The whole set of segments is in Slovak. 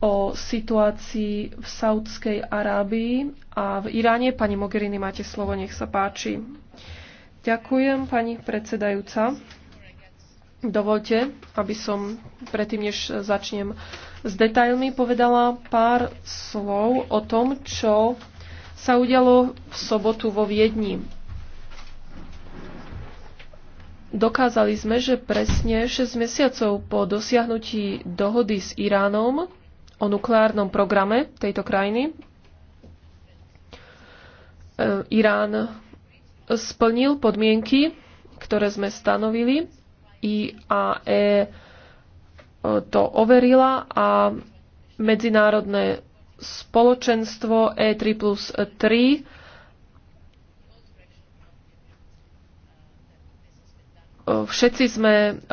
o situácii v Saudskej Arábii a v Iráne. Pani Mogherini, máte slovo, nech sa páči. Ďakujem, pani predsedajúca. Dovolte, aby som predtým, než začnem s detailmi, povedala pár slov o tom, čo sa udialo v sobotu vo Viedni. Dokázali sme, že presne 6 mesiacov po dosiahnutí dohody s Iránom o nukleárnom programe tejto krajiny. E, Irán splnil podmienky, ktoré sme stanovili. IAE e, to overila a medzinárodné spoločenstvo E3 plus 3 Všetci sme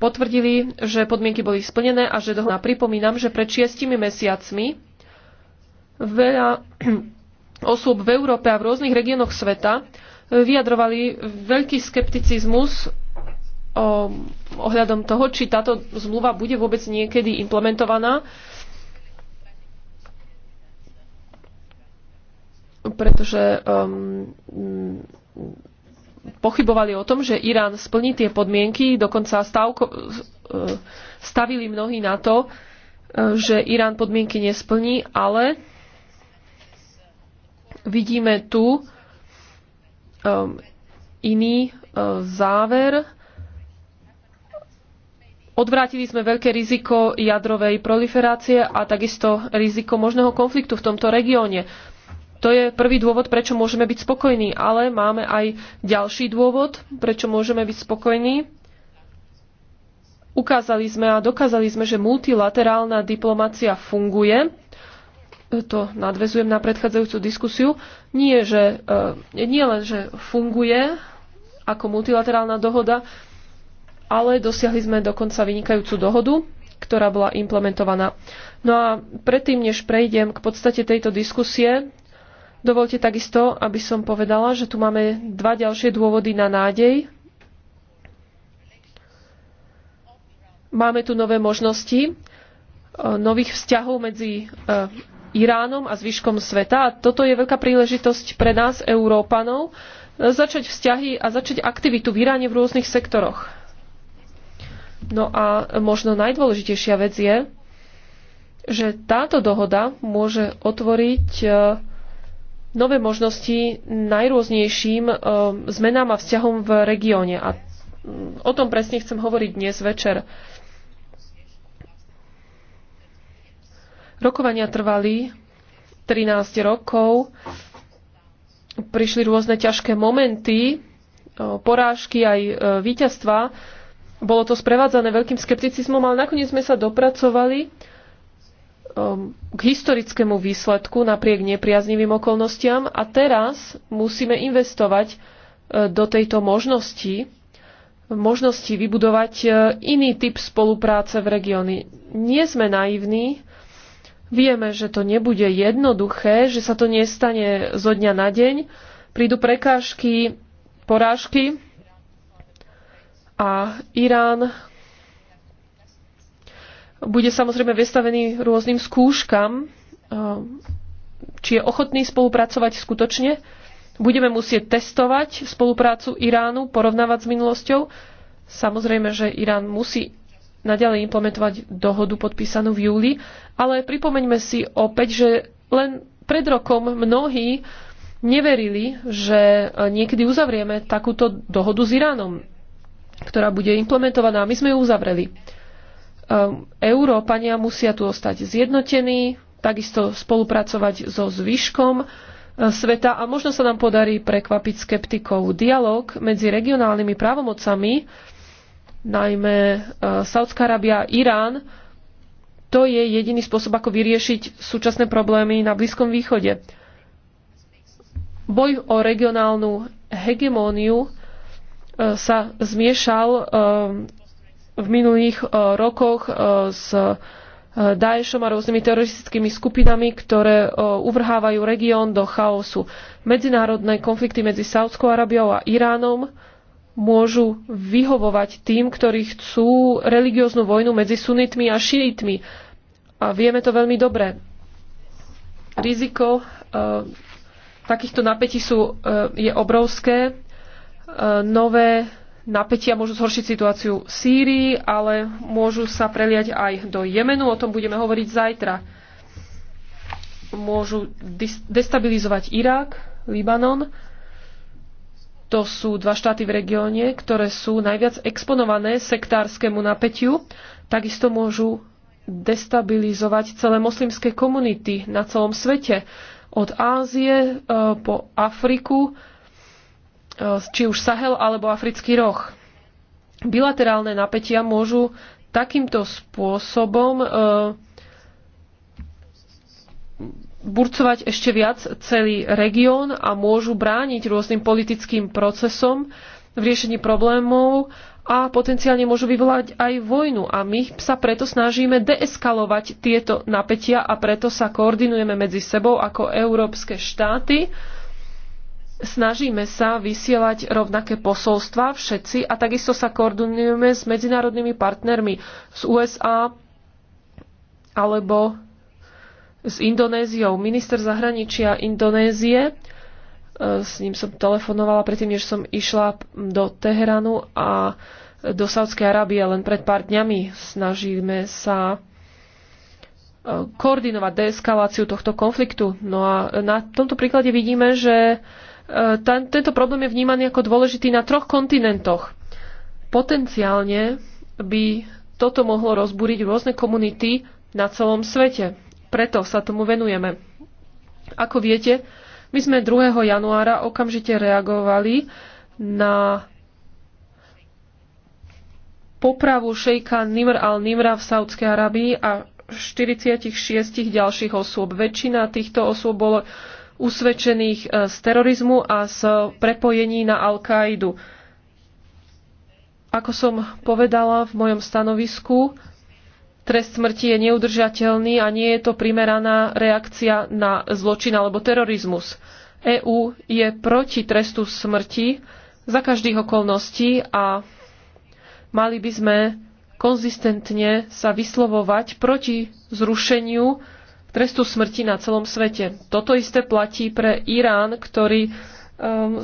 potvrdili, že podmienky boli splnené a že dohoda. Pripomínam, že pred šiestimi mesiacmi veľa osôb v Európe a v rôznych regiónoch sveta vyjadrovali veľký skepticizmus ohľadom toho, či táto zmluva bude vôbec niekedy implementovaná. Pretože um, pochybovali o tom, že Irán splní tie podmienky, dokonca stavko, e, stavili mnohí na to, e, že Irán podmienky nesplní, ale vidíme tu um, iný e, záver. Odvrátili sme veľké riziko jadrovej proliferácie a takisto riziko možného konfliktu v tomto regióne. To je prvý dôvod, prečo môžeme byť spokojní, ale máme aj ďalší dôvod, prečo môžeme byť spokojní. Ukázali sme a dokázali sme, že multilaterálna diplomacia funguje. To nadvezujem na predchádzajúcu diskusiu. Nie, že, e, nie len, že funguje ako multilaterálna dohoda, ale dosiahli sme dokonca vynikajúcu dohodu, ktorá bola implementovaná. No a predtým, než prejdem k podstate tejto diskusie, Dovolte takisto, aby som povedala, že tu máme dva ďalšie dôvody na nádej. Máme tu nové možnosti, e, nových vzťahov medzi e, Iránom a zvyškom sveta. A toto je veľká príležitosť pre nás, Európanov, začať vzťahy a začať aktivitu v Iráne v rôznych sektoroch. No a možno najdôležitejšia vec je, že táto dohoda môže otvoriť e, nové možnosti najrôznejším eh, zmenám a vzťahom v regióne. A mm, o tom presne chcem hovoriť dnes večer. Rokovania trvali 13 rokov, prišli rôzne ťažké momenty, eh, porážky aj eh, víťazstva. Bolo to sprevádzané veľkým skepticizmom, ale nakoniec sme sa dopracovali Um, k historickému výsledku napriek nepriaznivým okolnostiam a teraz musíme investovať uh, do tejto možnosti, možnosti vybudovať uh, iný typ spolupráce v regióne. Nie sme naivní, vieme, že to nebude jednoduché, že sa to nestane zo dňa na deň, prídu prekážky, porážky a Irán bude samozrejme vystavený rôznym skúškam, eh, či je ochotný spolupracovať skutočne. Budeme musieť testovať spoluprácu Iránu, porovnávať s minulosťou. Samozrejme, že Irán musí naďalej implementovať dohodu podpísanú v júli, ale pripomeňme si opäť, že len pred rokom mnohí neverili, že eh, niekedy uzavrieme takúto dohodu s Iránom, ktorá bude implementovaná. My sme ju uzavreli. Ehm, Európania musia tu ostať zjednotení, takisto spolupracovať so zvyškom ehm, sveta a možno sa nám podarí prekvapiť skeptikov. Dialóg medzi regionálnymi právomocami, najmä ehm, Saudská Arábia a Irán, to je jediný spôsob, ako vyriešiť súčasné problémy na Blízkom východe. Boj o regionálnu hegemóniu sa zmiešal v minulých e, rokoch e, s e, Daešom a rôznymi teroristickými skupinami, ktoré uvrhávajú región do chaosu. Medzinárodné konflikty medzi Saudskou Arabiou a Iránom môžu vyhovovať tým, ktorí chcú religióznu vojnu medzi sunitmi a šiitmi. A vieme to veľmi dobre. Riziko takýchto napätí sú, je obrovské. nové Napätia môžu zhoršiť situáciu v Sýrii, ale môžu sa preliať aj do Jemenu, o tom budeme hovoriť zajtra. Môžu destabilizovať Irak, Libanon. To sú dva štáty v regióne, ktoré sú najviac exponované sektárskému napätiu. Takisto môžu destabilizovať celé moslimské komunity na celom svete. Od Ázie eh, po Afriku E, či už Sahel alebo Africký roh. Bilaterálne napätia môžu takýmto spôsobom e, burcovať ešte viac celý región a môžu brániť rôznym politickým procesom v riešení problémov a potenciálne môžu vyvolať aj vojnu. A my sa preto snažíme deeskalovať tieto napätia a preto sa koordinujeme medzi sebou ako európske štáty Snažíme sa vysielať rovnaké posolstva všetci a takisto sa koordinujeme s medzinárodnými partnermi z USA alebo s Indonéziou. Minister zahraničia Indonézie, e, s ním som telefonovala predtým, než som išla do Teheranu a do Saudskej Arábie len pred pár dňami. Snažíme sa e, koordinovať deeskaláciu tohto konfliktu. No a na tomto príklade vidíme, že E, tento problém je vnímaný ako dôležitý na troch kontinentoch. Potenciálne by toto mohlo rozbúriť rôzne komunity na celom svete. Preto sa tomu venujeme. Ako viete, my sme 2. januára okamžite reagovali na popravu šejka Nimr al-Nimra v Saudskej Arabii a 46 ďalších osôb. Väčšina týchto osôb bolo, usvedčených e, z terorizmu a z prepojení na Al-Kaidu. Ako som povedala v mojom stanovisku, trest smrti je neudržateľný a nie je to primeraná reakcia na zločin alebo terorizmus. EÚ je proti trestu smrti za každých okolností a mali by sme konzistentne sa vyslovovať proti zrušeniu trestu smrti na celom svete. Toto isté platí pre Irán, ktorý, um,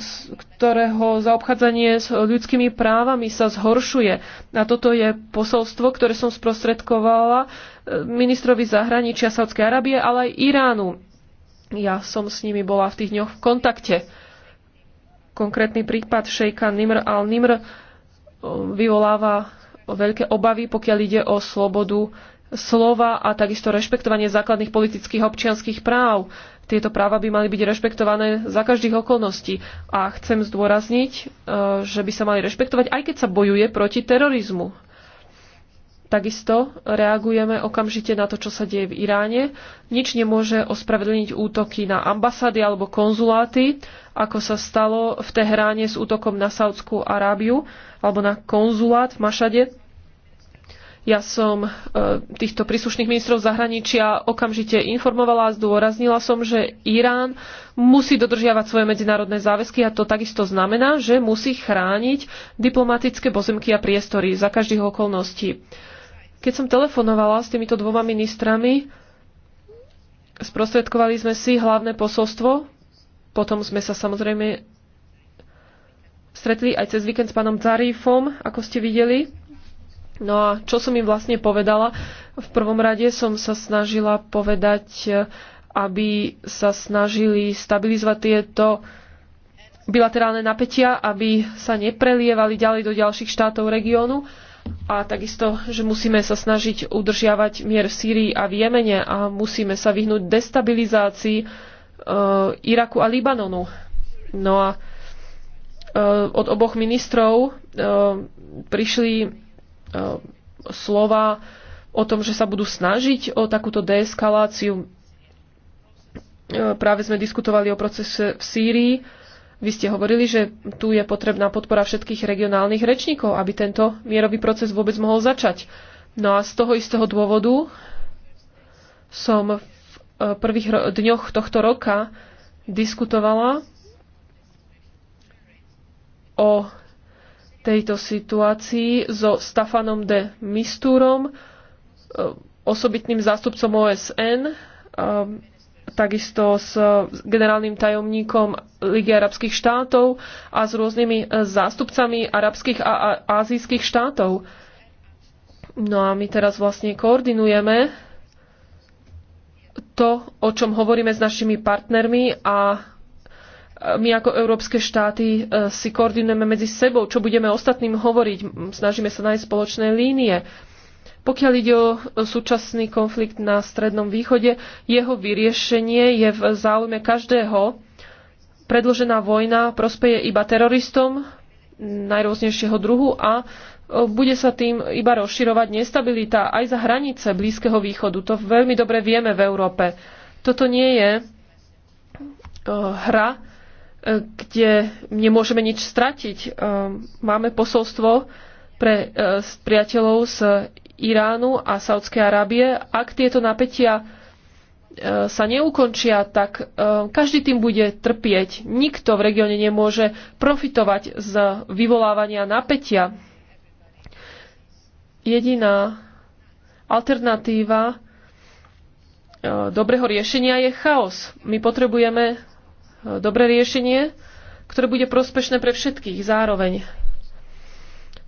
ktorého zaobchádzanie s ľudskými právami sa zhoršuje. A toto je posolstvo, ktoré som sprostredkovala um, ministrovi zahraničia Saudskej Arábie, ale aj Iránu. Ja som s nimi bola v tých dňoch v kontakte. Konkrétny prípad šejka Nimr al-Nimr um, vyvoláva veľké obavy, pokiaľ ide o slobodu slova a takisto rešpektovanie základných politických občianských práv. Tieto práva by mali byť rešpektované za každých okolností. A chcem zdôrazniť, e, že by sa mali rešpektovať, aj keď sa bojuje proti terorizmu. Takisto reagujeme okamžite na to, čo sa deje v Iráne. Nič nemôže ospravedlniť útoky na ambasády alebo konzuláty, ako sa stalo v Tehráne s útokom na Saudskú Arábiu alebo na konzulát v Mašade ja som e, týchto príslušných ministrov zahraničia okamžite informovala a zdôraznila som, že Irán musí dodržiavať svoje medzinárodné záväzky a to takisto znamená, že musí chrániť diplomatické pozemky a priestory za každých okolností. Keď som telefonovala s týmito dvoma ministrami, sprostredkovali sme si hlavné posolstvo, potom sme sa samozrejme stretli aj cez víkend s pánom Zarifom, ako ste videli No a čo som im vlastne povedala? V prvom rade som sa snažila povedať, aby sa snažili stabilizovať tieto bilaterálne napätia, aby sa neprelievali ďalej do ďalších štátov regiónu a takisto, že musíme sa snažiť udržiavať mier v Sýrii a v Jemene a musíme sa vyhnúť destabilizácii e, Iraku a Libanonu. No a e, od oboch ministrov e, prišli E, slova o tom, že sa budú snažiť o takúto deeskaláciu. E, práve sme diskutovali o procese v Sýrii. Vy ste hovorili, že tu je potrebná podpora všetkých regionálnych rečníkov, aby tento mierový proces vôbec mohol začať. No a z toho istého dôvodu som v e, prvých dňoch tohto roka diskutovala o tejto situácii so Stafanom de Mistúrom, eh, osobitným zástupcom OSN, eh, takisto s generálnym tajomníkom Ligy arabských štátov a s rôznymi eh, zástupcami arabských a azijských štátov. No a my teraz vlastne koordinujeme to, o čom hovoríme s našimi partnermi a my ako európske štáty e, si koordinujeme medzi sebou, čo budeme ostatným hovoriť, snažíme sa nájsť spoločné línie. Pokiaľ ide o e, súčasný konflikt na Strednom východe, jeho vyriešenie je v záujme každého. Predložená vojna prospeje iba teroristom najrôznejšieho druhu a e, bude sa tým iba rozširovať nestabilita aj za hranice Blízkeho východu. To veľmi dobre vieme v Európe. Toto nie je hra, E, kde nemôžeme nič stratiť. E, máme posolstvo pre e, priateľov z Iránu a Saudskej Arábie. Ak tieto napätia sa neukončia, tak každý tým bude trpieť. Nikto v regióne nemôže profitovať z vyvolávania napätia. Jediná alternatíva dobrého riešenia je chaos. My potrebujeme dobré riešenie, ktoré bude prospešné pre všetkých zároveň.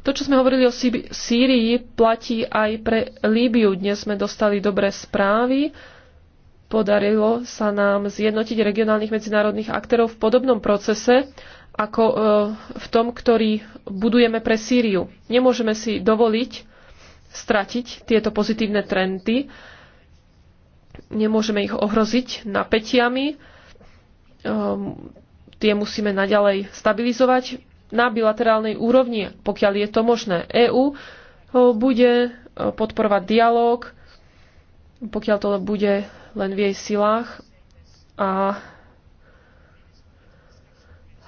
To, čo sme hovorili o Sýrii, platí aj pre Líbiu. Dnes sme dostali dobré správy. Podarilo sa nám zjednotiť regionálnych medzinárodných aktérov v podobnom procese ako e, v tom, ktorý budujeme pre Sýriu. Nemôžeme si dovoliť stratiť tieto pozitívne trendy, nemôžeme ich ohroziť napätiami, um, tie musíme naďalej stabilizovať na bilaterálnej úrovni, pokiaľ je to možné. EÚ e, bude e, podporovať dialog, pokiaľ to bude len v jej silách. A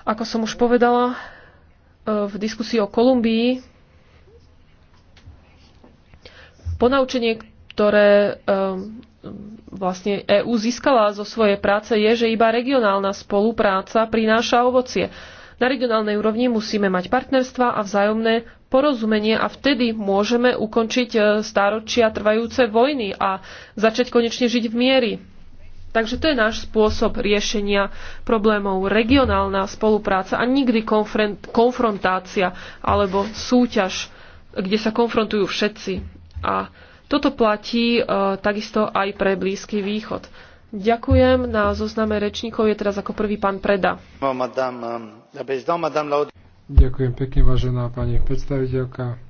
ako som už povedala e, v diskusii o Kolumbii, ponaučenie, ktoré ehm, vlastne EÚ získala zo svojej práce, je, že iba regionálna spolupráca prináša ovocie. Na regionálnej úrovni musíme mať partnerstva a vzájomné porozumenie a vtedy môžeme ukončiť e, stáročia trvajúce vojny a začať konečne žiť v miery. Takže to je náš spôsob riešenia problémov. Regionálna spolupráca a nikdy konfrontácia alebo súťaž, kde sa konfrontujú všetci. A toto platí e, takisto aj pre Blízky východ. Ďakujem. Na zozname rečníkov je teraz ako prvý pán Preda. Euh, Ďakujem pekne, vážená pani predstaviteľka.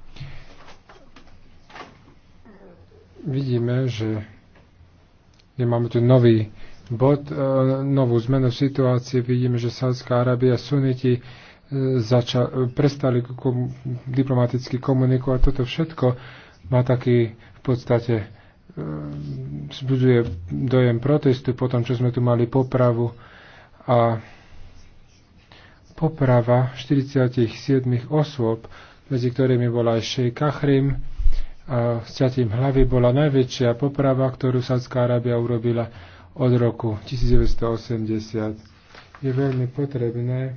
Vidíme, že máme tu nový bod, e, novú zmenu situácie. Vidíme, že Sádzka Arábia, Suniti e, zača- prestali diplomaticky komunikovať. Toto všetko má taký podstate e, vzbudzuje dojem protestu po tom, čo sme tu mali popravu a poprava 47 osôb, medzi ktorými bola aj šejk Achrim, a sťatím hlavy bola najväčšia poprava, ktorú Sádzka Arábia urobila od roku 1980. Je veľmi potrebné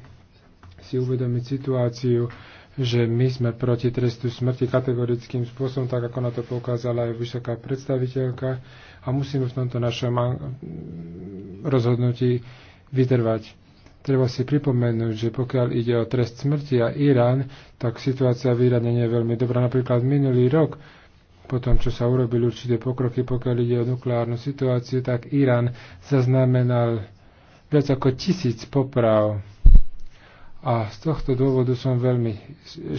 si uvedomiť situáciu že my sme proti trestu smrti kategorickým spôsobom, tak ako na to poukázala aj vysoká predstaviteľka a musíme v tomto našom mm, rozhodnutí vytrvať. Treba si pripomenúť, že pokiaľ ide o trest smrti a Irán, tak situácia v Iráne nie je veľmi dobrá. Napríklad minulý rok, po tom, čo sa urobili určité pokroky, pokiaľ ide o nukleárnu situáciu, tak Irán zaznamenal viac ako tisíc poprav a z tohto dôvodu som veľmi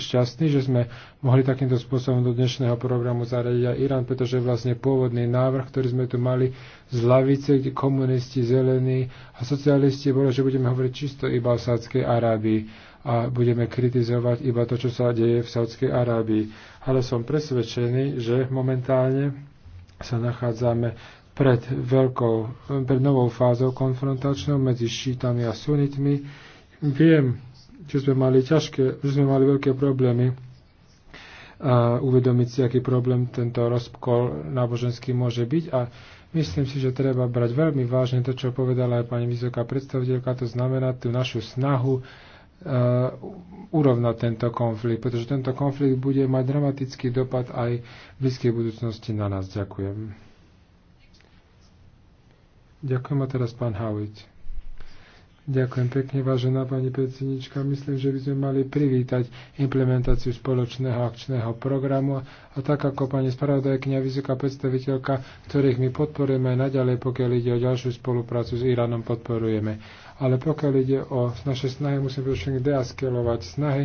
šťastný, že sme mohli takýmto spôsobom do dnešného programu zaradiť aj Irán, pretože vlastne pôvodný návrh, ktorý sme tu mali z lavice, kde komunisti, zelení a socialisti, bolo, že budeme hovoriť čisto iba o Sádskej Arábii a budeme kritizovať iba to, čo sa deje v Sádskej Arábii. Ale som presvedčený, že momentálne sa nachádzame pred, veľkou, pred novou fázou konfrontačnou medzi šítami a sunitmi. Viem, že sme mali ťažké, že sme mali veľké problémy a uvedomiť si, aký problém tento rozkol náboženský môže byť a myslím si, že treba brať veľmi vážne to, čo povedala aj pani vysoká predstaviteľka, to znamená tú našu snahu Uh, urovnať tento konflikt, pretože tento konflikt bude mať dramatický dopad aj v blízkej budúcnosti na nás. Ďakujem. Ďakujem a teraz pán Howitt. Ďakujem pekne, vážená pani predsednička. Myslím, že by sme mali privítať implementáciu spoločného akčného programu a tak ako pani spravodajkňa, vysoká predstaviteľka, ktorých my podporujeme aj naďalej, pokiaľ ide o ďalšiu spoluprácu s Iránom, podporujeme. Ale pokiaľ ide o naše snahy, musíme predovšetkým deaskelovať snahy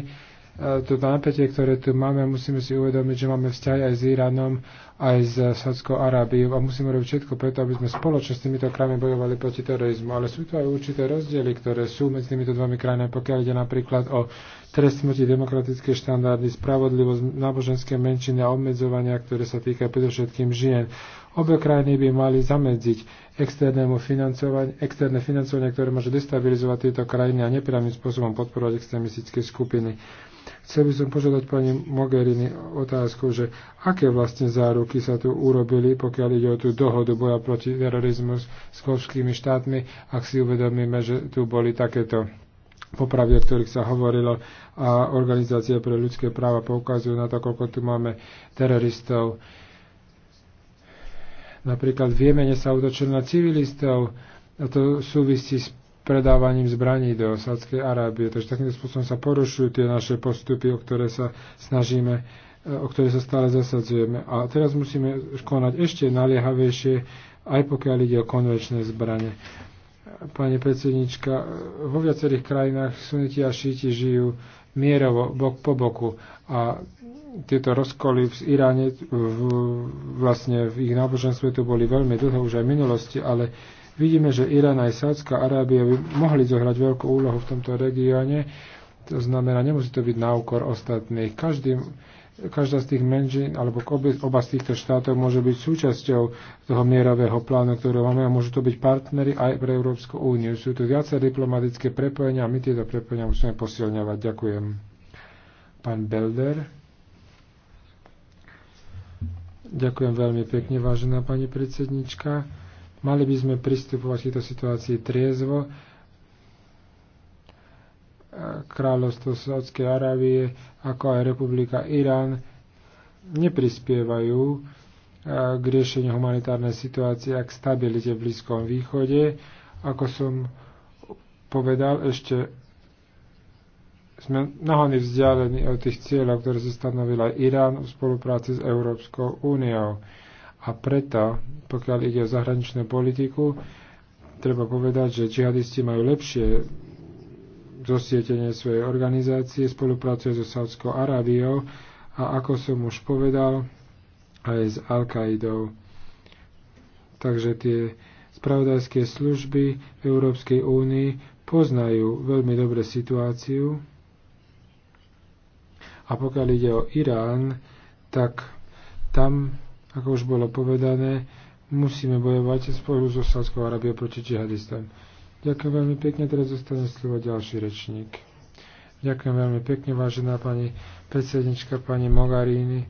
toto e, napätie, ktoré tu máme, musíme si uvedomiť, že máme vzťahy aj s Iránom, aj s Sádskou Arábiou a musíme robiť všetko preto, aby sme spoločne s týmito krajmi bojovali proti terorizmu. Ale sú tu aj určité rozdiely, ktoré sú medzi týmito dvomi krajinami, pokiaľ ide napríklad o trest smrti, demokratické štandardy, spravodlivosť, náboženské menšiny a obmedzovania, ktoré sa týkajú predovšetkým žien. Obe krajiny by mali zamedziť externému financovaniu, externé financovanie, ktoré môže destabilizovať tieto krajiny a nepriamým spôsobom podporovať extrémistické skupiny. Chcel by som požiadať pani Mogherini otázku, že aké vlastne záruky sa tu urobili, pokiaľ ide o tú dohodu boja proti terorizmu s kolskými štátmi, ak si uvedomíme, že tu boli takéto popravy, o ktorých sa hovorilo a Organizácia pre ľudské práva poukazujú na to, koľko tu máme teroristov. Napríklad v Jemene sa utočil na civilistov a to súvisí s predávaním zbraní do Sádskej Arábie. Takže takýmto spôsobom sa porušujú tie naše postupy, o ktoré sa snažíme, e, o ktoré sa stále zasadzujeme. A teraz musíme konať ešte naliehavejšie, aj pokiaľ ide o konvečné zbranie. Pani predsednička, e, vo viacerých krajinách suneti a šíti žijú mierovo, bok po boku. A tieto rozkoly v Iráne v, vlastne v ich náboženstve tu boli veľmi dlho už aj v minulosti, ale Vidíme, že Irán aj Sádzka Arábia by mohli zohrať veľkú úlohu v tomto regióne. To znamená, nemusí to byť na úkor ostatných. Každý, každá z tých menšín, alebo oba z týchto štátov môže byť súčasťou toho mierového plánu, ktorý máme a môžu to byť partnery aj pre Európsku úniu. Sú tu viacer diplomatické prepojenia a my tieto prepojenia musíme posilňovať. Ďakujem. Pán Belder. Ďakujem veľmi pekne, vážená pani predsednička. Mali by sme pristupovať k tejto situácii triezvo. Kráľovstvo Saudskej Arábie, ako aj Republika Irán, neprispievajú eh, k riešeniu humanitárnej situácie a k stabilite v Blízkom východe. Ako som povedal, ešte sme nahony vzdialení od tých cieľov, ktoré si stanovila Irán v spolupráci s Európskou úniou. A preto, pokiaľ ide o zahraničnú politiku, treba povedať, že džihadisti majú lepšie zosietenie svojej organizácie, spolupracuje so Saudskou Arábiou a ako som už povedal, aj s Al-Qaidou. Takže tie spravodajské služby v Európskej únii poznajú veľmi dobre situáciu. A pokiaľ ide o Irán, tak tam ako už bolo povedané, musíme bojovať spolu so Sádskou Arabiou proti džihadistom. Ďakujem veľmi pekne, teraz zostane slovo ďalší rečník. Ďakujem veľmi pekne, vážená pani predsednička, pani Mogarini. E,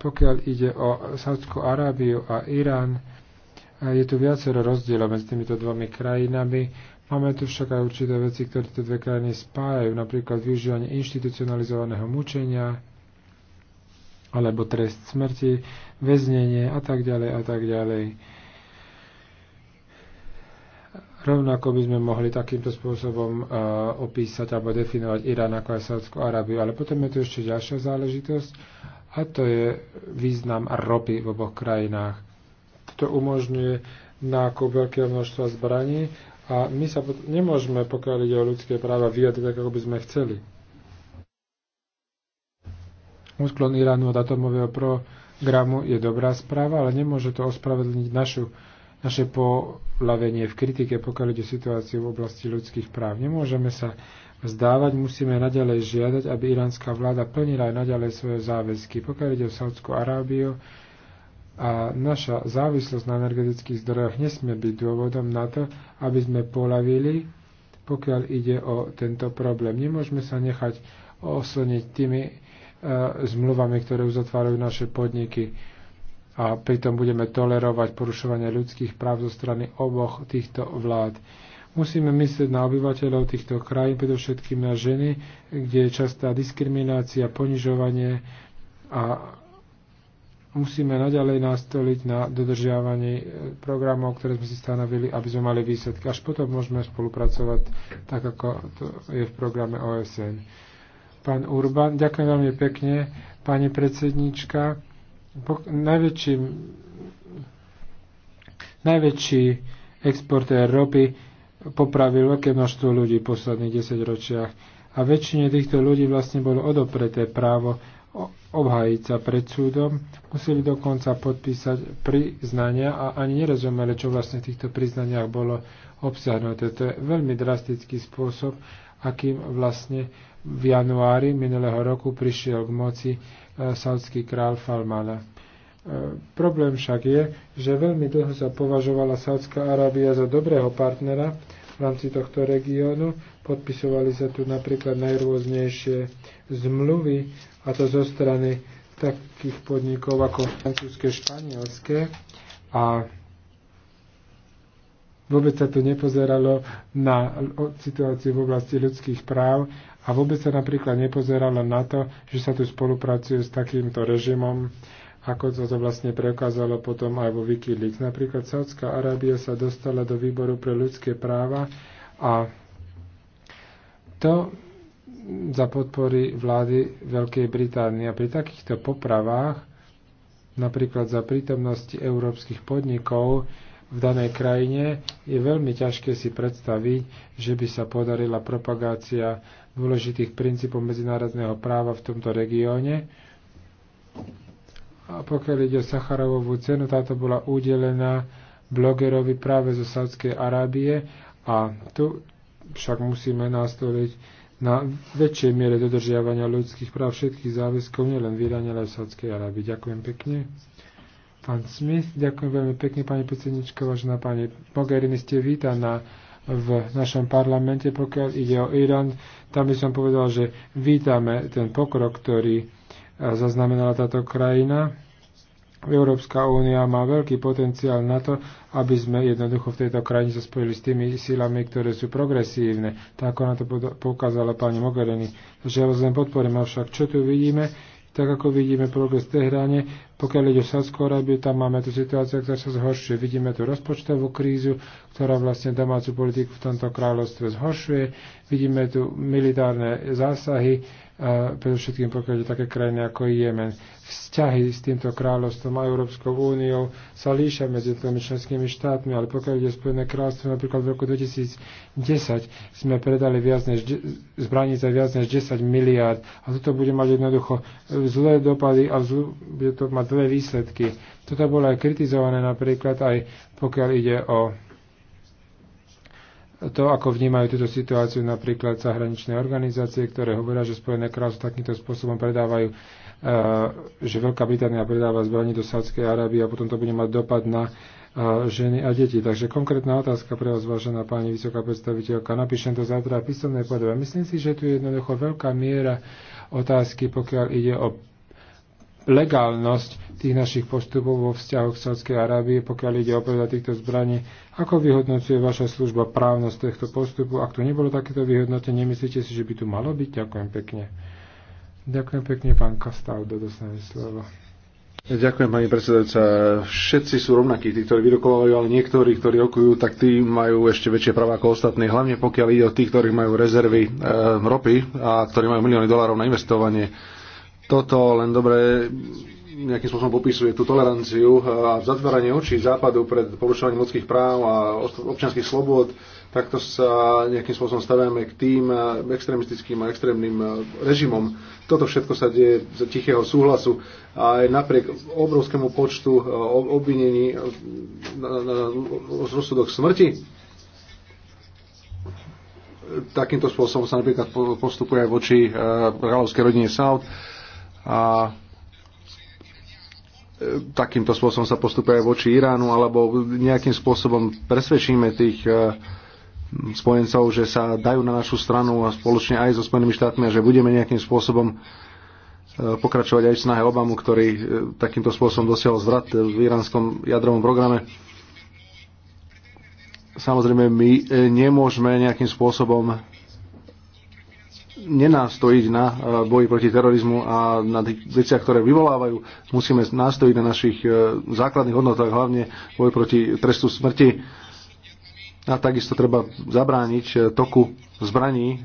pokiaľ ide o Sádskú Arábiu a Irán, e, je tu viacero rozdielov medzi týmito dvomi krajinami. Máme tu však aj určité veci, ktoré tie dve krajiny spájajú, napríklad využívanie inštitucionalizovaného mučenia, alebo trest smrti, väznenie a tak ďalej a tak ďalej. Rovnako by sme mohli takýmto spôsobom uh, opísať alebo definovať Irán ako aj Sádskú Arabiu. Ale potom je tu ešte ďalšia záležitosť a to je význam ropy v oboch krajinách. To umožňuje nákup veľkého množstva zbraní a my sa nemôžeme, pokiaľ ide o ľudské práva, vyjadriť tak, ako by sme chceli úsklon Iránu od atomového programu je dobrá správa, ale nemôže to ospravedlniť našu, naše polavenie v kritike, pokiaľ ide situáciu v oblasti ľudských práv. Nemôžeme sa vzdávať, musíme naďalej žiadať, aby iránska vláda plnila aj naďalej svoje záväzky. Pokiaľ ide o Saudskú Arábiu, a naša závislosť na energetických zdrojoch nesmie byť dôvodom na to, aby sme polavili, pokiaľ ide o tento problém. Nemôžeme sa nechať oslniť tými E, zmluvami, ktoré uzatvárajú naše podniky. A pritom budeme tolerovať porušovanie ľudských práv zo strany oboch týchto vlád. Musíme myslieť na obyvateľov týchto krajín, predovšetkým na ženy, kde je častá diskriminácia, ponižovanie a musíme naďalej nastoliť na dodržiavanie e, programov, ktoré sme si stanovili, aby sme mali výsledky. Až potom môžeme spolupracovať tak, ako to je v programe OSN pán Urban. Ďakujem veľmi pekne, pani predsednička. Najväčší, najväčší exportér ropy popravil veľké množstvo ľudí v posledných 10 ročiach a väčšine týchto ľudí vlastne bolo odopreté právo obhájiť sa pred súdom, museli dokonca podpísať priznania a ani nerozumeli, čo vlastne v týchto priznaniach bolo obsiahnuté. To je veľmi drastický spôsob, akým vlastne v januári minulého roku prišiel k moci e, saudský král Falmana. E, problém však je, že veľmi dlho sa považovala Saudská Arábia za dobrého partnera v rámci tohto regiónu. Podpisovali sa tu napríklad najrôznejšie zmluvy, a to zo strany takých podnikov ako francúzske, španielské. A vôbec sa tu nepozeralo na situáciu v oblasti ľudských práv a vôbec sa napríklad nepozeralo na to, že sa tu spolupracuje s takýmto režimom, ako to to vlastne preukázalo potom aj vo Wikileaks. Napríklad Saudská Arábia sa dostala do výboru pre ľudské práva a to za podpory vlády Veľkej Británie. A pri takýchto popravách, napríklad za prítomnosti európskych podnikov, v danej krajine, je veľmi ťažké si predstaviť, že by sa podarila propagácia dôležitých princípov medzinárodného práva v tomto regióne. A pokiaľ ide o Sacharovovú cenu, táto bola udelená blogerovi práve zo Sádskej Arábie a tu však musíme nastoliť na väčšej miere dodržiavania ľudských práv všetkých záväzkov, nielen v Iráne, ale aj v Sádskej Arábii. Ďakujem pekne. Pán Smith, ďakujem veľmi pekne, pani predsednička, vážená pani Mogherini, ste vítaná v našom parlamente, pokiaľ ide o Irán. Tam by som povedal, že vítame ten pokrok, ktorý e, zaznamenala táto krajina. Európska únia má veľký potenciál na to, aby sme jednoducho v tejto krajine sa spojili s tými silami, ktoré sú progresívne. Tak ako na to poukázala pani Mogherini. Takže ja vás len podporím. Avšak čo tu vidíme? tak ako vidíme progres v Tehráne, pokiaľ ide o Sadskú Arábiu, tam máme tú situáciu, ktorá sa zhoršuje. Vidíme tu rozpočtovú krízu, ktorá vlastne domácu politiku v tomto kráľovstve zhoršuje. Vidíme tu militárne zásahy, predovšetkým pokiaľ je také krajiny ako Jemen. Vzťahy s týmto kráľovstvom a Európskou úniou sa líšia medzi tými členskými štátmi, ale pokiaľ ide Spojené kráľovstvo, napríklad v roku 2010 sme predali viac než, zbraní za viac než 10 miliárd a toto bude mať jednoducho zlé dopady a zl, bude to mať zlé výsledky. Toto bolo aj kritizované napríklad aj pokiaľ ide o to, ako vnímajú túto situáciu napríklad zahraničné organizácie, ktoré hovoria, že Spojené kráľovstvo takýmto spôsobom predávajú, e, že Veľká Británia predáva zbraní do Sádskej Arábie a potom to bude mať dopad na e, ženy a deti. Takže konkrétna otázka pre vás, vážená pani vysoká predstaviteľka. Napíšem to zajtra v písomnej podobe. Myslím si, že tu je jednoducho veľká miera otázky, pokiaľ ide o legálnosť tých našich postupov vo vzťahu k Sádskej Arábie, pokiaľ ide o predat týchto zbraní. Ako vyhodnocuje vaša služba právnosť tohto postupu? Ak to nebolo takéto vyhodnotenie, myslíte si, že by tu malo byť? Ďakujem pekne. Ďakujem pekne, pán do dostane slovo. Ďakujem, pani predsedajúca. Všetci sú rovnakí, tí, ktorí vyrokovajú, ale niektorí, ktorí rokujú, tak tí majú ešte väčšie práva ako ostatní, hlavne pokiaľ ide o tých, ktorí majú rezervy e, ropy a ktorí majú milióny dolárov na investovanie toto len dobre nejakým spôsobom popisuje tú toleranciu a zatváranie očí západu pred porušovaním ľudských práv a občianských slobôd, takto sa nejakým spôsobom staviame k tým extrémistickým a extrémnym e, režimom. Toto všetko sa deje z tichého súhlasu a aj napriek obrovskému počtu e, obvinení e, na rozsudok smrti, takýmto spôsobom sa napríklad postupuje aj voči kráľovskej rodine South a e, takýmto spôsobom sa postupuje voči Iránu alebo nejakým spôsobom presvedčíme tých e, spojencov, že sa dajú na našu stranu a spoločne aj so Spojenými štátmi a že budeme nejakým spôsobom e, pokračovať aj v snahe Obamu, ktorý takýmto spôsobom dosiahol zvrat v iránskom jadrovom programe. Samozrejme, my nemôžeme nejakým spôsobom nenástojiť na e, boji proti terorizmu a na tých veciach, ktoré vyvolávajú. Musíme nástojiť na našich e, základných hodnotách, hlavne boj proti trestu smrti. A takisto treba zabrániť e, toku zbraní.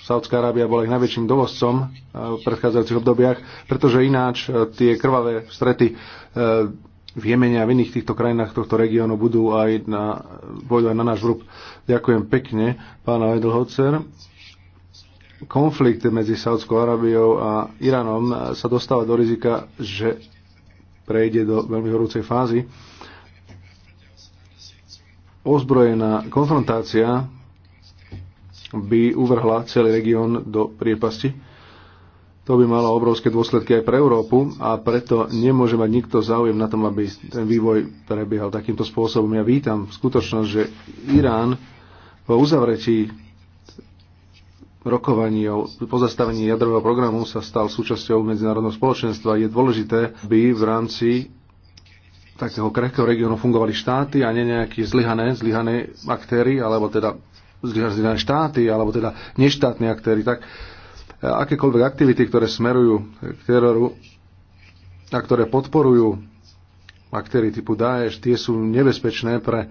Saudská Arábia bola ich najväčším dovozcom v predchádzajúcich obdobiach, pretože ináč tie krvavé strety v Jemene a v iných týchto krajinách tohto regiónu budú aj na, aj na náš vrúb. Ďakujem pekne, pána Edelhocer konflikt medzi Saudskou Arabiou a Iránom eh, sa dostáva do rizika, že prejde do veľmi horúcej fázy. Ozbrojená konfrontácia by uvrhla celý región do priepasti. To by malo obrovské dôsledky aj pre Európu a preto nemôže mať nikto záujem na tom, aby ten vývoj prebiehal takýmto spôsobom. Ja vítam skutočnosť, že Irán po uzavretí rokovaní o pozastavení jadrového programu sa stal súčasťou medzinárodného spoločenstva. Je dôležité, aby v rámci takého krehkého regiónu fungovali štáty a nie nejaké zlyhané, zlyhané aktéry, alebo teda zlyhané štáty, alebo teda neštátne aktéry. Tak e, akékoľvek aktivity, ktoré smerujú k teroru a ktoré podporujú aktéry typu Daesh, tie sú nebezpečné pre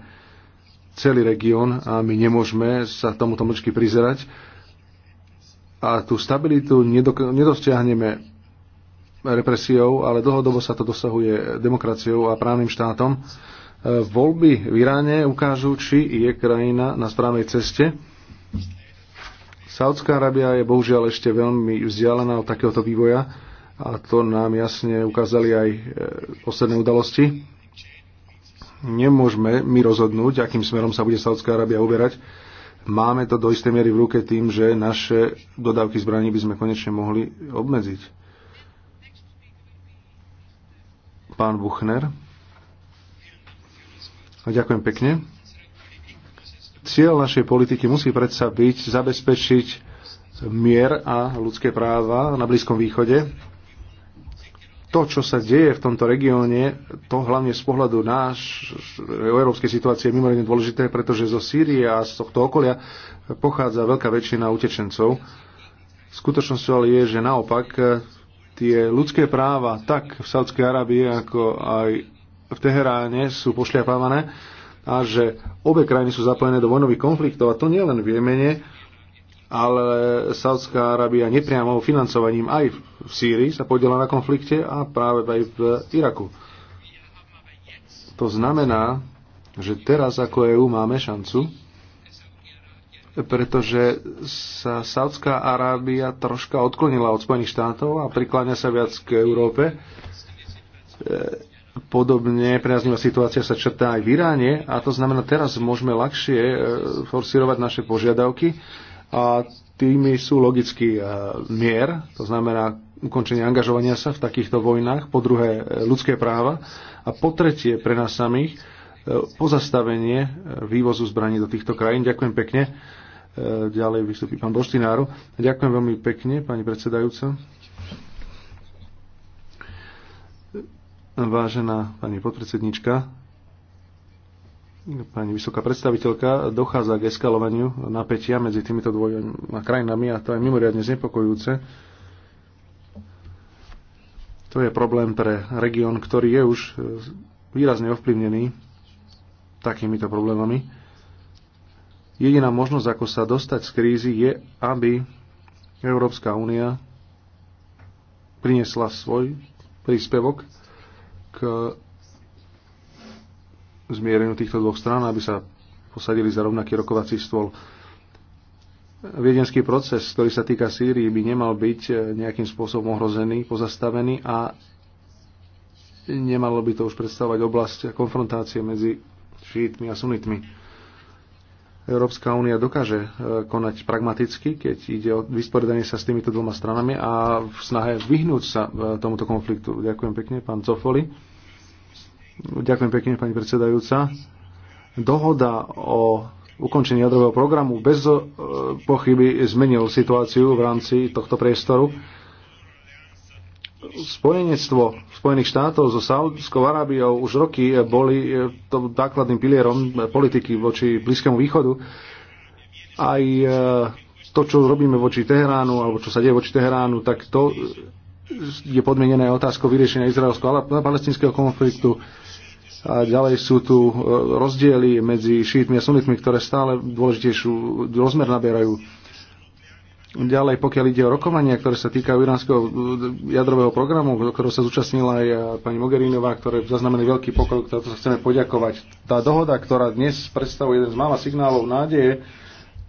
celý región a my nemôžeme sa tomuto mlčky prizerať a tú stabilitu nedostiahneme represiou, ale dlhodobo sa to dosahuje demokraciou a právnym štátom. E, voľby v Iráne ukážu, či je krajina na správnej ceste. Saudská Arábia je bohužiaľ ešte veľmi vzdialená od takéhoto vývoja a to nám jasne ukázali aj e, posledné udalosti. Nemôžeme my rozhodnúť, akým smerom sa bude Saudská Arábia uberať Máme to do istej miery v ruke tým, že naše dodávky zbraní by sme konečne mohli obmedziť. Pán Buchner. Ďakujem pekne. Cieľ našej politiky musí predsa byť zabezpečiť mier a ľudské práva na Blízkom východe to, čo sa deje v tomto regióne, to hlavne z pohľadu náš európskej situácie je mimoriadne dôležité, pretože zo Sýrie a z tohto okolia pochádza veľká väčšina utečencov. Skutočnosťou ale je, že naopak eh, tie ľudské práva tak v Saudskej Arabii ako aj v Teheráne sú pošliapávané a že obe krajiny sú zapojené do vojnových konfliktov a to nielen v Jemene, ale Saudská Arábia nepriamo financovaním aj v Sýrii sa podiela na konflikte a práve aj v Iraku. To znamená, že teraz ako EU máme šancu, pretože sa Saudská Arábia troška odklonila od Spojených štátov a prikláňa sa viac k Európe. E, podobne priaznivá situácia sa črtá aj v Iráne a to znamená, teraz môžeme ľahšie e, forsírovať naše požiadavky a tými sú logicky e, mier, to znamená ukončenie angažovania sa v takýchto vojnách, po druhé e, ľudské práva a po tretie pre nás samých e, pozastavenie vývozu zbraní do týchto krajín. Ďakujem pekne. Ďalej vystupí pán Boštináru. Ďakujem veľmi pekne, pani predsedajúca. Vážená pani podpredsednička, pani vysoká predstaviteľka, dochádza k eskalovaniu napätia medzi týmito dvojma krajinami a to je mimoriadne znepokojúce. To je problém pre región, ktorý je už e, výrazne ovplyvnený takýmito problémami. Jediná možnosť, ako sa dostať z krízy, je, aby Európska únia priniesla svoj príspevok k zmiereniu týchto dvoch strán, aby sa posadili za rovnaký rokovací stôl. Viedenský proces, ktorý sa týka Sýrii, by nemal byť eh, nejakým spôsobom ohrozený, pozastavený a nemalo by to už predstavovať oblasť konfrontácie medzi šítmi a sunitmi. Európska únia dokáže eh, konať pragmaticky, keď ide o vysporiadanie sa s týmito dvoma stranami a v snahe vyhnúť sa eh, tomuto konfliktu. Ďakujem pekne, pán Cofoli. Ďakujem pekne, pani predsedajúca. Dohoda o ukončení jadrového programu bez e, pochyby zmenil situáciu v rámci tohto priestoru. Spojenectvo Spojených štátov so Saudskou Arábiou už roky boli e, to základným pilierom politiky voči Blízkému východu. Aj e, to, čo robíme voči Teheránu, alebo čo sa deje voči Teheránu, tak to je podmienené otázkou vyriešenia izraelsko-palestinského konfliktu a ďalej sú tu e, rozdiely medzi šítmi a sunitmi, ktoré stále dôležitejšiu rozmer naberajú. Ďalej, pokiaľ ide o rokovania, ktoré sa týkajú iránskeho e, jadrového programu, do ktorého sa zúčastnila aj e, pani Mogherinová, ktoré zaznamenali veľký pokrok, ktorého sa chceme poďakovať. Tá dohoda, ktorá dnes predstavuje jeden z mála signálov nádeje,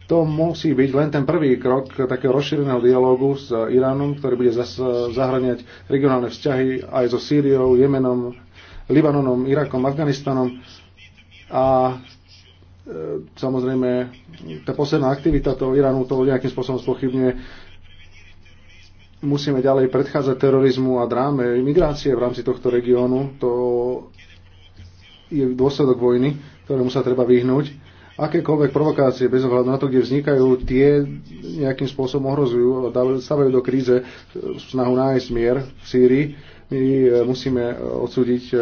to musí byť len ten prvý krok takého rozšíreného dialógu s Iránom, ktorý bude zahraniať regionálne vzťahy aj so Sýriou, Jemenom, Libanonom, Irakom, Afganistanom a e, samozrejme tá posledná aktivita toho Iránu to nejakým spôsobom spochybňuje. Musíme ďalej predchádzať terorizmu a dráme imigrácie v rámci tohto regiónu. To je dôsledok vojny, ktorému sa treba vyhnúť. Akékoľvek provokácie, bez ohľadu na to, kde vznikajú, tie nejakým spôsobom ohrozujú, stavajú do kríze snahu nájsť mier v Sýrii my e, musíme e, odsúdiť e,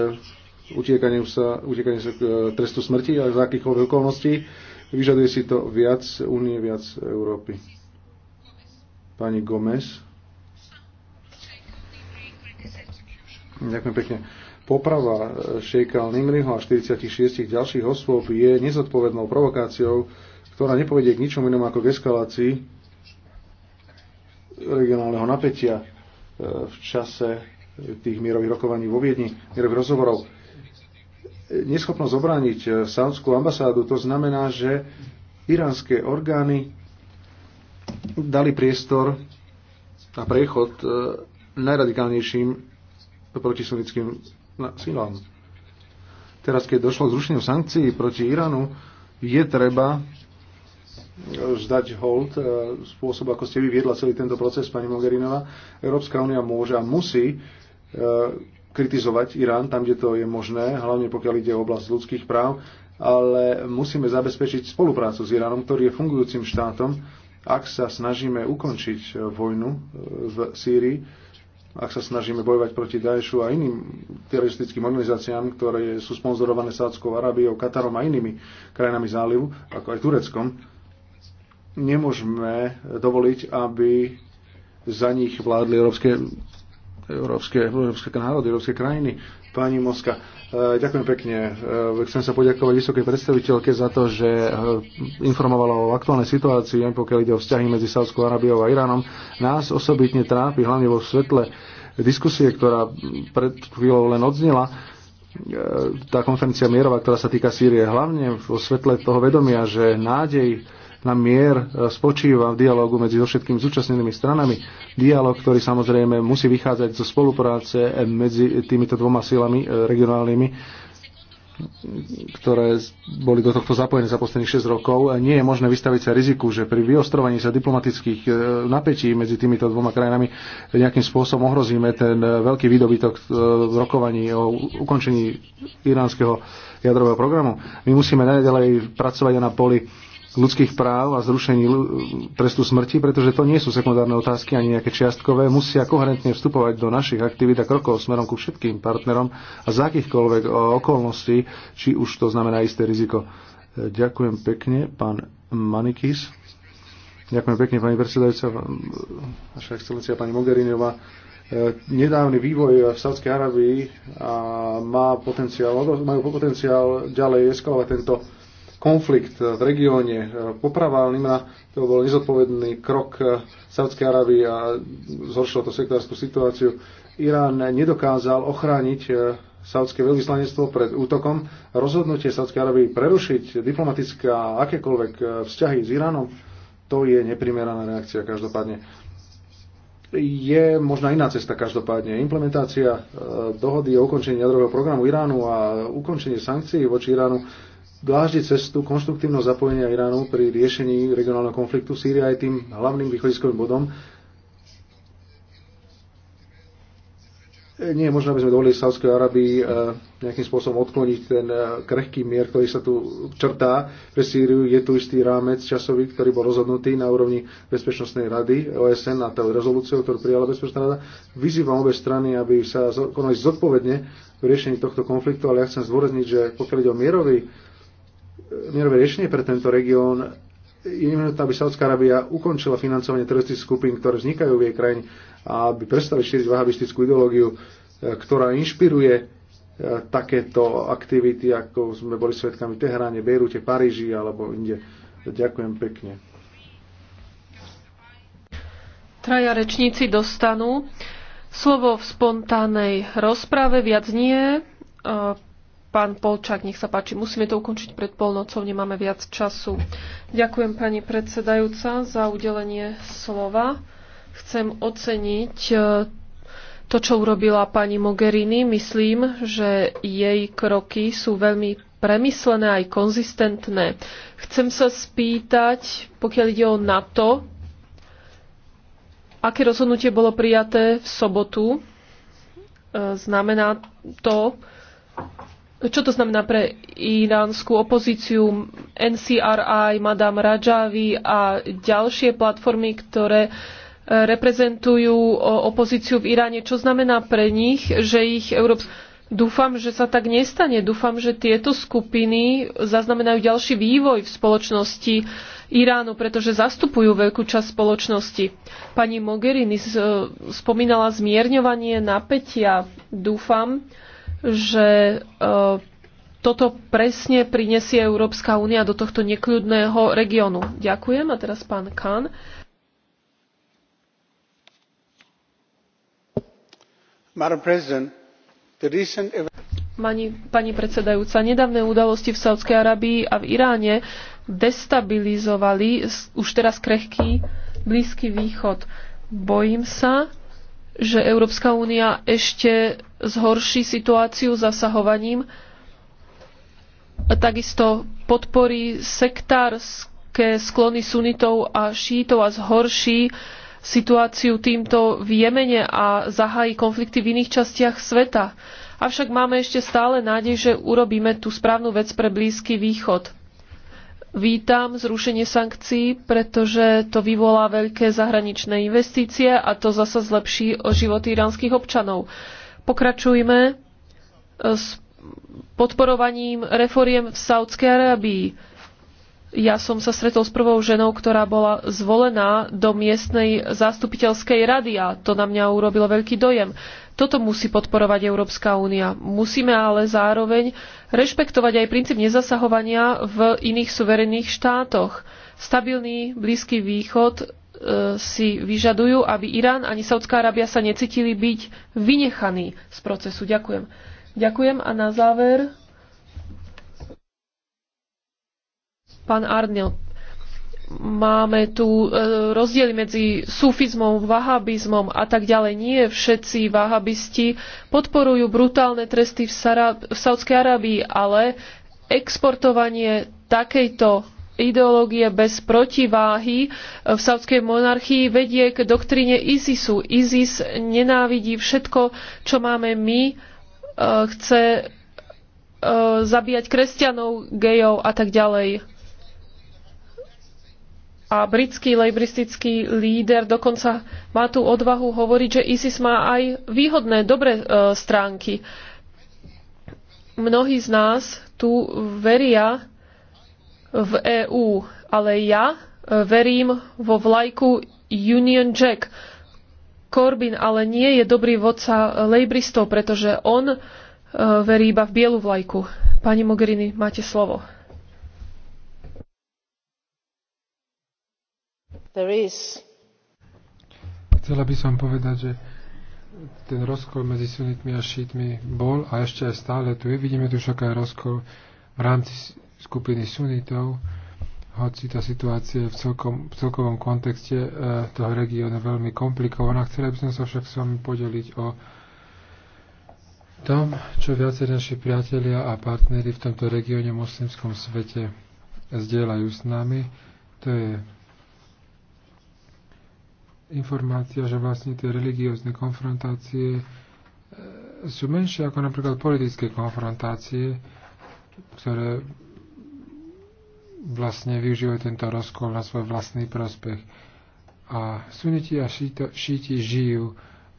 utiekanie sa, utiekanie sa k trestu smrti a za akýchkoľvek okolností. Vyžaduje si to viac únie, viac Európy. Pani Gomez. Ďakujem pekne. Poprava šejka Nimriho a 46 ďalších osôb je nezodpovednou provokáciou, ktorá nepovedie k ničomu inému ako k eskalácii regionálneho napätia v čase tých mierových rokovaní vo Viedni, mierových rozhovorov. Neschopnosť obrániť eh, saudskú ambasádu, to znamená, že iránske orgány dali priestor a prechod eh, najradikálnejším protisunickým silám. Teraz, keď došlo k zrušeniu sankcií proti Iránu, je treba eh, zdať hold spôsob, ako ste vyviedla celý tento proces, pani Mogherinová. Európska únia môže a musí E, kritizovať Irán tam, kde to je možné, hlavne pokiaľ ide o oblasť ľudských práv, ale musíme zabezpečiť spoluprácu s Iránom, ktorý je fungujúcim štátom, ak sa snažíme ukončiť e, vojnu e, v Sýrii, ak sa snažíme bojovať proti Daešu a iným teroristickým organizáciám, ktoré sú sponzorované Sádskou Arábiou, Katarom a inými krajinami zálivu, ako aj Tureckom, nemôžeme dovoliť, aby za nich vládli európske európske, európske národy, európske krajiny. Pani Moska, eh, ďakujem pekne. Eh, chcem sa poďakovať vysokej predstaviteľke za to, že eh, informovala o aktuálnej situácii, pokiaľ ide o vzťahy medzi Sávskou Arábiou a Iránom. Nás osobitne trápi, hlavne vo svetle diskusie, ktorá pred chvíľou len odznela, tá konferencia mierová, ktorá sa týka Sýrie, hlavne vo svetle toho vedomia, že nádej na mier e, spočíva v dialogu medzi so všetkými zúčastnenými stranami. Dialóg, ktorý samozrejme musí vychádzať zo spolupráce e, medzi týmito dvoma silami e, regionálnymi, ktoré boli do tohto zapojené za posledných 6 rokov, nie je možné vystaviť sa riziku, že pri vyostrovaní sa diplomatických napätí medzi týmito dvoma krajinami nejakým spôsobom ohrozíme ten veľký výdobytok v rokovaní o ukončení iránskeho jadrového programu. My musíme najďalej pracovať na poli ľudských práv a zrušení trestu smrti, pretože to nie sú sekundárne otázky ani nejaké čiastkové, musia koherentne vstupovať do našich aktivít a krokov smerom ku všetkým partnerom a za akýchkoľvek okolností, či už to znamená isté riziko. E, ďakujem pekne, pán Manikis. Ďakujem pekne, pani predsedajúca, e, naša excelencia, pani Mogherinová. E, nedávny vývoj v Sádskej Arabii a má potenciál, majú potenciál ďalej eskalovať tento konflikt v regióne e, popravá Limna, to bol nezodpovedný krok e, Sádskej Arábie a zhoršilo to sektárskú situáciu. Irán nedokázal ochrániť e, saudské veľvyslanectvo pred útokom. Rozhodnutie Sádskej Arábie prerušiť diplomatické a akékoľvek vzťahy s Iránom, to je neprimeraná reakcia každopádne. Je možná iná cesta každopádne. Implementácia dohody o ukončení jadrového programu Iránu a ukončenie sankcií voči Iránu dláždi cestu konštruktívneho zapojenia Iránu pri riešení regionálneho konfliktu. Sýria je tým hlavným východiskovým bodom. Nie je možné, aby sme dovolili Sávskej Arabii eh, nejakým spôsobom odkloniť ten eh, krehký mier, ktorý sa tu črtá pre Sýriu. Je tu istý rámec časový, ktorý bol rozhodnutý na úrovni Bezpečnostnej rady OSN a tou rezolúciou, ktorú prijala Bezpečnostná rada. Vyzývam obe strany, aby sa konali zodpovedne v riešení tohto konfliktu, ale ja chcem zdôrazniť, že pokiaľ ide o mierový mierové riešenie pre tento región je nevyhnutné, aby Saudská Arábia ukončila financovanie teroristických skupín, ktoré vznikajú v jej krajine a aby prestali šíriť vahabistickú ideológiu, e, ktorá inšpiruje e, takéto aktivity, ako sme boli svetkami Tehráne, Bejrúte, Paríži alebo inde. Ďakujem pekne. Traja rečníci dostanú slovo v spontánnej rozprave, viac nie. E, Pán Polčák, nech sa páči, musíme to ukončiť pred polnocou, nemáme viac času. Ďakujem pani predsedajúca za udelenie slova. Chcem oceniť e, to, čo urobila pani Mogherini. Myslím, že jej kroky sú veľmi premyslené aj konzistentné. Chcem sa spýtať, pokiaľ ide o NATO, aké rozhodnutie bolo prijaté v sobotu. E, znamená to, čo to znamená pre iránsku opozíciu NCRI, Madame Rajavi a ďalšie platformy, ktoré eh, reprezentujú opozíciu v Iráne? Čo znamená pre nich, že ich Európska... Dúfam, že sa tak nestane. Dúfam, že tieto skupiny zaznamenajú ďalší vývoj v spoločnosti Iránu, pretože zastupujú veľkú časť spoločnosti. Pani Mogherini eh, spomínala zmierňovanie napätia. Dúfam, že e, toto presne prinesie Európska únia do tohto nekľudného regiónu. Ďakujem. A teraz pán Kahn. Pani, pani predsedajúca, nedávne udalosti v Saudskej Arabii a v Iráne destabilizovali už teraz krehký Blízky východ. Bojím sa, že Európska únia ešte zhorší situáciu zasahovaním. Takisto podporí sektárske sklony sunitov a šítov a zhorší situáciu týmto v Jemene a zahájí konflikty v iných častiach sveta. Avšak máme ešte stále nádej, že urobíme tú správnu vec pre Blízky východ. Vítam zrušenie sankcií, pretože to vyvolá veľké zahraničné investície a to zasa zlepší život iránskych občanov. Pokračujme eh, s podporovaním reforiem v Saudskej Arábii ja som sa stretol s prvou ženou, ktorá bola zvolená do miestnej zastupiteľskej rady a to na mňa urobilo veľký dojem. Toto musí podporovať Európska únia. Musíme ale zároveň rešpektovať aj princíp nezasahovania v iných suverených štátoch. Stabilný Blízky východ e, si vyžadujú, aby Irán ani Saudská Arábia sa necítili byť vynechaní z procesu. Ďakujem. Ďakujem a na záver Pán Arnil, máme tu e, rozdiely medzi sufizmom, vahabizmom a tak ďalej. Nie všetci vahabisti podporujú brutálne tresty v, Sara- v Saudskej Arábii, ale exportovanie takejto ideológie bez protiváhy e, v saudskej monarchii vedie k doktríne ISISu. ISIS nenávidí všetko, čo máme my, e, chce zabíjať kresťanov, gejov a tak ďalej a britský lejbristický líder dokonca má tú odvahu hovoriť, že ISIS má aj výhodné, dobré e, stránky. Mnohí z nás tu veria v EÚ, ale ja e, verím vo vlajku Union Jack. Corbyn ale nie je dobrý vodca lejbristov, pretože on e, verí iba v bielu vlajku. Pani Mogherini, máte slovo. Chcela by som povedať, že ten rozkol medzi sunitmi a šítmi bol a ešte aj stále tu je. Vidíme tu však aj rozkol v rámci skupiny sunitov, hoci tá situácia je v, celkom, v celkovom kontexte e, toho regiónu veľmi komplikovaná. Chcela by som sa však s vami podeliť o tom, čo viacerí naši priatelia a partnery v tomto regióne moslimskom svete zdieľajú s nami. To je informácia, že vlastne tie religiózne konfrontácie e, sú menšie ako napríklad politické konfrontácie, ktoré vlastne využívajú tento rozkol na svoj vlastný prospech. A suniti a šíti, šíti žijú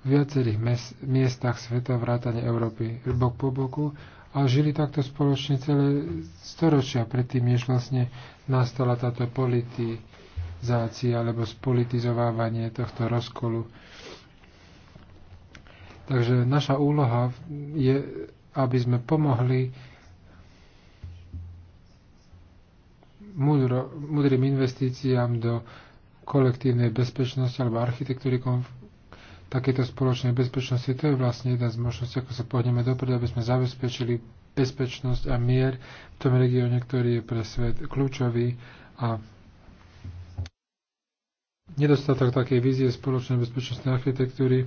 v viacerých mes, miestach sveta vrátane Európy bok po boku a žili takto spoločne celé storočia predtým, než vlastne nastala táto politika politizácie alebo spolitizovávanie tohto rozkolu. Takže naša úloha je, aby sme pomohli múdro, múdrym investíciám do kolektívnej bezpečnosti alebo architektúry konf- takéto spoločnej bezpečnosti. To je vlastne jedna z možností, ako sa pohneme dopredu, aby sme zabezpečili bezpečnosť a mier v tom regióne, ktorý je pre svet kľúčový a nedostatok takej vízie spoločnej bezpečnostnej architektúry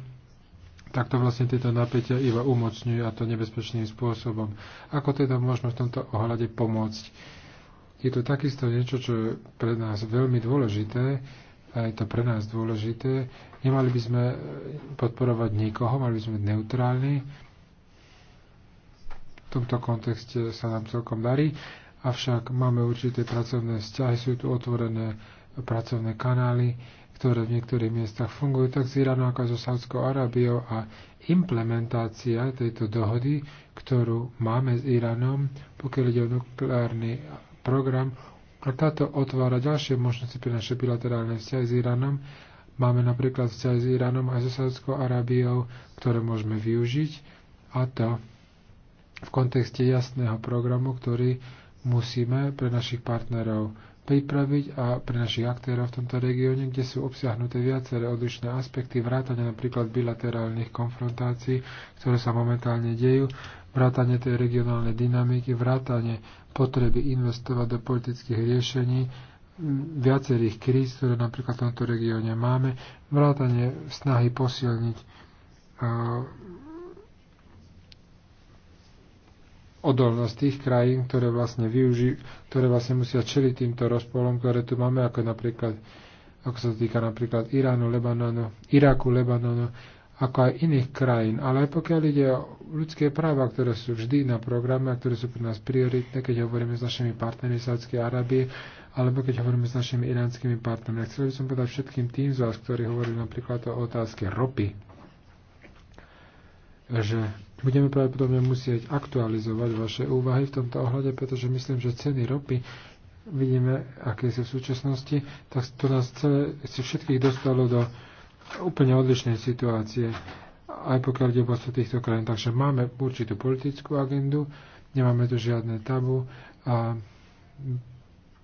tak to vlastne tieto napätia iba umocňujú a to nebezpečným spôsobom. Ako teda môžeme v tomto ohľade pomôcť? Je to takisto niečo, čo je pre nás veľmi dôležité, a je to pre nás dôležité. Nemali by sme podporovať nikoho, mali by sme byť neutrálni. V tomto kontexte sa nám celkom darí, avšak máme určité pracovné vzťahy, sú tu otvorené pracovné kanály, ktoré v niektorých miestach fungujú tak s Iránu ako aj so Saudskou Arábiou a implementácia tejto dohody, ktorú máme s Iránom, pokiaľ ide o nukleárny program, a táto otvára ďalšie možnosti pre naše bilaterálne vzťahy s Iránom. Máme napríklad vzťahy s Iránom aj so Saudskou Arábiou, ktoré môžeme využiť a to v kontexte jasného programu, ktorý musíme pre našich partnerov pripraviť a pre našich aktérov v tomto regióne, kde sú obsiahnuté viaceré odlišné aspekty, vrátane napríklad bilaterálnych konfrontácií, ktoré sa momentálne dejú, vrátane tej regionálnej dynamiky, vrátane potreby investovať do politických riešení viacerých kríz, ktoré napríklad v tomto regióne máme, vrátane snahy posilniť odolnosť tých krajín, ktoré vlastne, využi- ktoré vlastne musia čeliť týmto rozpolom, ktoré tu máme, ako napríklad ako sa týka napríklad Iránu, Lebanonu, Iraku, Lebanonu, ako aj iných krajín. Ale aj pokiaľ ide o ľudské práva, ktoré sú vždy na programe a ktoré sú pre nás prioritné, keď hovoríme s našimi partnermi Sádskej Arábie, alebo keď hovoríme s našimi iránskymi partnermi. Chcel by som povedať všetkým tým z vás, ktorí hovorili napríklad o otázke ropy, že Budeme pravdepodobne musieť aktualizovať vaše úvahy v tomto ohľade, pretože myslím, že ceny ropy vidíme, aké sú v súčasnosti, tak to nás celé, si všetkých dostalo do úplne odlišnej situácie, aj pokiaľ ide o týchto krajín. Takže máme určitú politickú agendu, nemáme tu žiadne tabu a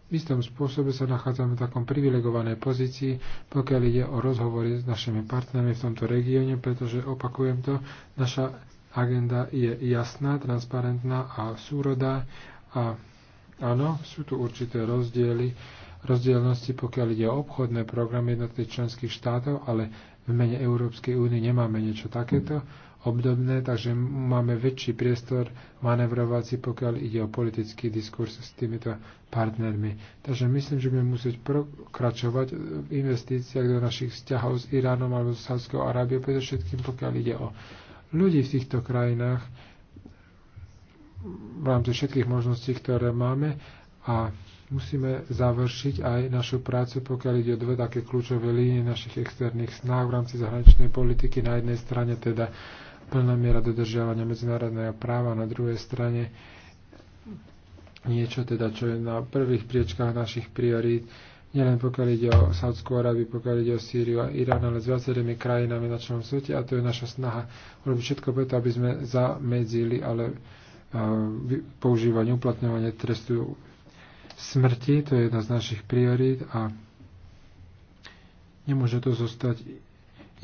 v istom spôsobe sa nachádzame v takom privilegovanej pozícii, pokiaľ ide o rozhovory s našimi partnermi v tomto regióne, pretože opakujem to, naša Agenda je jasná, transparentná a súrodá a áno, sú tu určité rozdiely, rozdielnosti, pokiaľ ide o obchodné programy jednotlivých členských štátov, ale v mene Európskej únie nemáme niečo takéto obdobné, takže máme väčší priestor si, pokiaľ ide o politický diskurs s týmito partnermi. Takže myslím, že budeme musieť pokračovať v investíciách do našich vzťahov s Iránom alebo s Sádskou Arábiou, predovšetkým pokiaľ ide o ľudí v týchto krajinách v rámci všetkých možností, ktoré máme a musíme završiť aj našu prácu, pokiaľ ide o dve také kľúčové línie našich externých snách v rámci zahraničnej politiky. Na jednej strane teda plná miera dodržiavania medzinárodného práva, na druhej strane niečo teda, čo je na prvých priečkách našich priorít nielen pokiaľ ide o Saudskú Arábiu, pokiaľ ide o Sýriu a Irán, ale s viacerými krajinami na celom svete a to je naša snaha urobiť všetko preto, aby sme zamedzili ale e, používanie, uplatňovanie trestu smrti, to je jedna z našich priorít a nemôže to zostať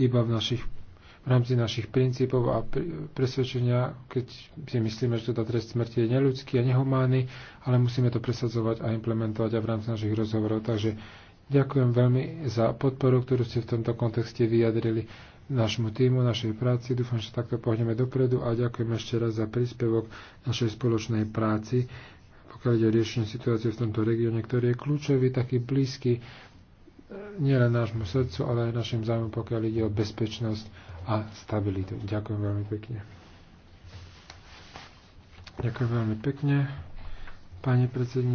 iba v našich v rámci našich princípov a presvedčenia, keď si myslíme, že teda trest smrti je neľudský a nehumánny, ale musíme to presadzovať a implementovať aj v rámci našich rozhovorov. Takže ďakujem veľmi za podporu, ktorú ste v tomto kontexte vyjadrili našemu týmu, našej práci. Dúfam, že takto pohneme dopredu a ďakujem ešte raz za príspevok našej spoločnej práci, pokiaľ ide o riešenie situácie v tomto regióne, ktorý je kľúčový, taký blízky e, nielen nášmu srdcu, ale aj našim zájmu, pokiaľ ide o bezpečnosť a stabilitu. Ďakujem veľmi pekne. Ďakujem veľmi pekne, pani predsedníčka.